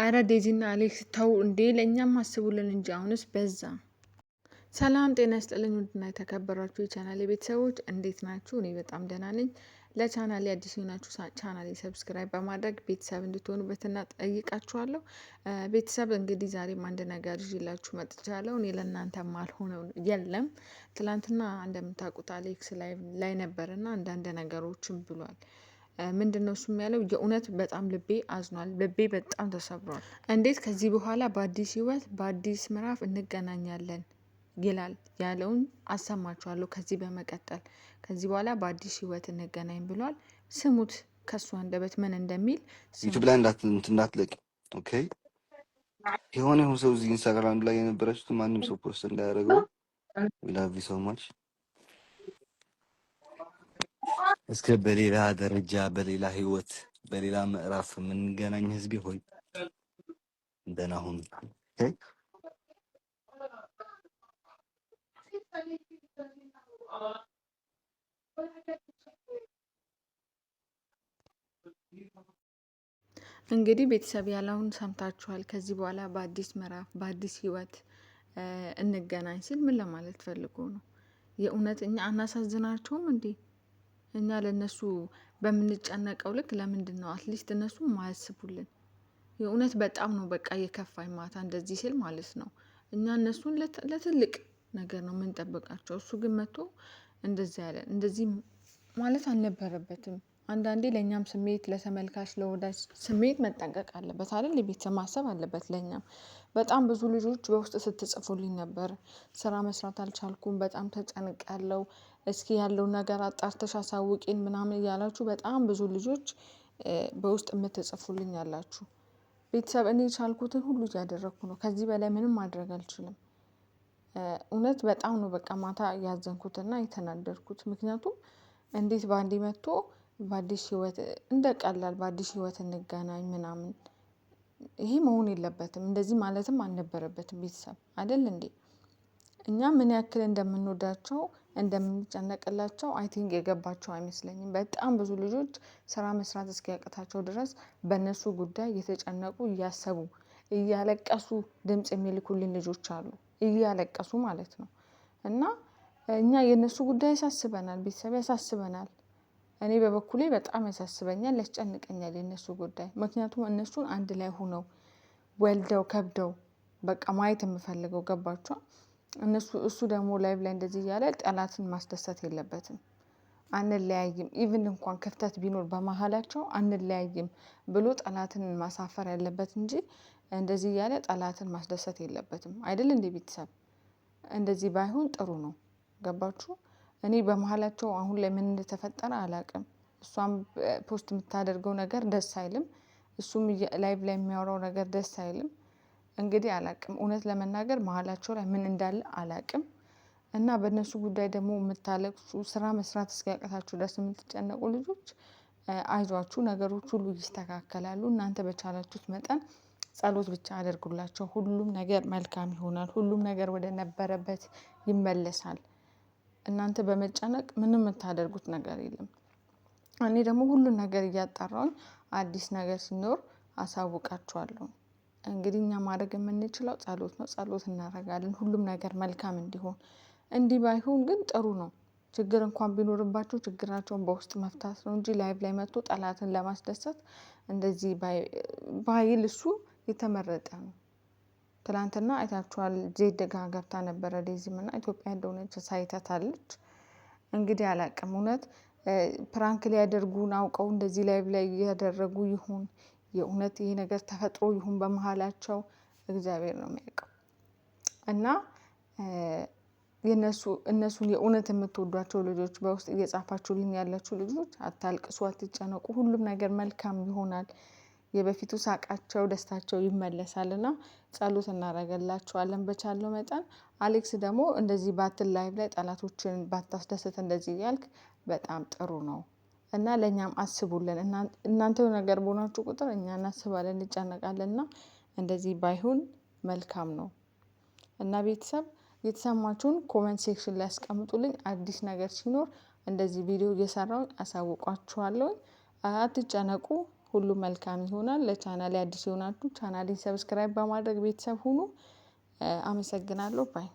አረ ዴዚና አሌክስ ተው እንዴ! ለእኛም አስቡልን እንጂ አሁንስ በዛ። ሰላም ጤና ይስጥልኝ ውድና የተከበራችሁ የቻናሌ ቤተሰቦች እንዴት ናችሁ? እኔ በጣም ደህና ነኝ። ለቻናሌ አዲስ የሆናችሁ ቻናሌ ሰብስክራይብ በማድረግ ቤተሰብ እንድትሆኑበትና ጠይቃችኋለሁ። ቤተሰብ እንግዲህ ዛሬም አንድ ነገር ይዤላችሁ መጥቻለሁ። እኔ ለእናንተ ማልሆነው የለም። ትላንትና እንደምታውቁት አሌክስ ላይ ነበርና አንዳንድ ነገሮችን ብሏል። ምንድነው እሱም ያለው የእውነት በጣም ልቤ አዝኗል፣ ልቤ በጣም ተሰብሯል። እንዴት ከዚህ በኋላ በአዲስ ህይወት በአዲስ ምዕራፍ እንገናኛለን ይላል ያለውን አሰማችኋለሁ። ከዚህ በመቀጠል ከዚህ በኋላ በአዲስ ህይወት እንገናኝ ብሏል። ስሙት ከእሱ አንደበት ምን እንደሚል ዩቱብ ላይ እንዳትለቅ ኦኬ። የሆነ ሰው እዚህ ኢንስታግራም ላይ የነበረችት ማንም ሰው ፖስት እንዳያደርገው ላቪ ሰው ማች እስከ በሌላ ደረጃ በሌላ ህይወት በሌላ ምዕራፍ የምንገናኝ ህዝብ ሆይ ደህና እንግዲህ ቤተሰብ ያለውን ሰምታችኋል። ከዚህ በኋላ በአዲስ ምዕራፍ በአዲስ ህይወት እንገናኝ ሲል ምን ለማለት ፈልጎ ነው? የእውነት እኛ አናሳዝናቸውም እንዴ? እኛ ለእነሱ በምንጨነቀው ልክ ለምንድን ነው አትሊስት እነሱ ማያስቡልን? የእውነት በጣም ነው በቃ የከፋኝ ማታ እንደዚህ ሲል ማለት ነው። እኛ እነሱን ለትልቅ ነገር ነው የምንጠብቃቸው። እሱ ግን መጥቶ እንደዚህ ያለ እንደዚህ ማለት አልነበረበትም። አንዳንዴ ለእኛም ስሜት ለተመልካች ለወዳጅ ስሜት መጠንቀቅ አለበት አይደል? የቤተሰብ ማሰብ አለበት ለእኛም። በጣም ብዙ ልጆች በውስጥ ስትጽፉልኝ ነበር ስራ መስራት አልቻልኩም በጣም ያለው እስኪ ያለው ነገር አጣርተሽ አሳውቂን ምናምን እያላችሁ በጣም ብዙ ልጆች በውስጥ የምትጽፉልኝ አላችሁ። ቤተሰብ እኔ የቻልኩትን ሁሉ እያደረኩ ነው ከዚህ በላይ ምንም ማድረግ አልችልም። እውነት በጣም ነው በቃ ማታ ያዘንኩትና የተናደድኩት ምክንያቱም እንዴት በአንዴ መጥቶ በአዲስ ህይወት እንደ ቀላል በአዲስ ህይወት እንገናኝ ምናምን ይሄ መሆን የለበትም እንደዚህ ማለትም አልነበረበትም። ቤተሰብ አይደል እንዴ እኛ ምን ያክል እንደምንወዳቸው እንደምንጨነቅላቸው አይ ቲንክ የገባቸው አይመስለኝም። በጣም ብዙ ልጆች ስራ መስራት እስኪያቅታቸው ድረስ በእነሱ ጉዳይ እየተጨነቁ እያሰቡ እያለቀሱ ድምፅ የሚልኩልን ልጆች አሉ። እያለቀሱ ማለት ነው። እና እኛ የእነሱ ጉዳይ ያሳስበናል፣ ቤተሰብ ያሳስበናል። እኔ በበኩሌ በጣም ያሳስበኛል፣ ያስጨንቀኛል የእነሱ ጉዳይ። ምክንያቱም እነሱን አንድ ላይ ሁነው ወልደው ከብደው በቃ ማየት የምፈልገው ገባቸው። እነሱ እሱ ደግሞ ላይቭ ላይ እንደዚህ እያለ ጠላትን ማስደሰት የለበትም። አንለያይም ኢቭን እንኳን ክፍተት ቢኖር በመሀላቸው አንለያይም ብሎ ጠላትን ማሳፈር ያለበት እንጂ እንደዚህ እያለ ጠላትን ማስደሰት የለበትም። አይደል እንደ ቤተሰብ እንደዚህ ባይሆን ጥሩ ነው። ገባችሁ? እኔ በመሀላቸው አሁን ላይ ምን እንደተፈጠረ አላቅም። እሷም ፖስት የምታደርገው ነገር ደስ አይልም፣ እሱም ላይቭ ላይ የሚያወራው ነገር ደስ አይልም። እንግዲህ አላቅም፣ እውነት ለመናገር መሀላቸው ላይ ምን እንዳለ አላቅም። እና በእነሱ ጉዳይ ደግሞ የምታለቅሱ ስራ መስራት እስኪያቀታችሁ ደስ የምትጨነቁ ልጆች አይዟችሁ፣ ነገሮች ሁሉ ይስተካከላሉ። እናንተ በቻላችሁት መጠን ጸሎት ብቻ አደርጉላቸው። ሁሉም ነገር መልካም ይሆናል። ሁሉም ነገር ወደ ነበረበት ይመለሳል። እናንተ በመጨነቅ ምንም የምታደርጉት ነገር የለም። እኔ ደግሞ ሁሉን ነገር እያጣራውን አዲስ ነገር ሲኖር አሳውቃችኋለሁ። እንግዲህ እኛ ማድረግ የምንችለው ጸሎት ነው። ጸሎት እናደርጋለን ሁሉም ነገር መልካም እንዲሆን። እንዲህ ባይሆን ግን ጥሩ ነው። ችግር እንኳን ቢኖርባቸው ችግራቸውን በውስጥ መፍታት ነው እንጂ ላይቭ ላይ መጥቶ ጠላትን ለማስደሰት እንደዚህ ባይል እሱ የተመረጠ ነው ትላንትና አይታችኋል። ዜድ ጋር ገብታ ነበረ ዴዚም እና ኢትዮጵያ እንደሆነች ሳይተታለች። እንግዲህ አላቅም እውነት ፕራንክ ሊያደርጉን አውቀው እንደዚህ ላይ ላይ እያደረጉ ይሁን የእውነት ይሄ ነገር ተፈጥሮ ይሁን በመሀላቸው እግዚአብሔር ነው የሚያውቀው። እና እነሱን የእውነት የምትወዷቸው ልጆች በውስጥ ልኝ ያላችሁ ልጆች አታልቅሱ፣ አትጨነቁ። ሁሉም ነገር መልካም ይሆናል። የበፊቱ ሳቃቸው ደስታቸው ይመለሳልና ጸሎት እናደርግላቸዋለን በቻለው መጠን። አሌክስ ደግሞ እንደዚህ ባትል ላይቭ ላይ ጠላቶችን ባታስደስት እንደዚህ እያልክ በጣም ጥሩ ነው እና ለእኛም አስቡልን። እናንተ ነገር በሆናችሁ ቁጥር እኛ እናስባለን እንጨነቃለን። እንደዚህ ባይሆን መልካም ነው እና ቤተሰብ የተሰማችሁን ኮመንት ሴክሽን ላይ ያስቀምጡልኝ። አዲስ ነገር ሲኖር እንደዚህ ቪዲዮ እየሰራውን አሳውቋችኋለሁ። አትጨነቁ። ሁሉ መልካም ይሆናል። ለቻናሌ አዲስ የሆናችሁ ቻናሌን ሰብስክራይብ በማድረግ ቤተሰብ ሁኑ። አመሰግናለሁ ባይ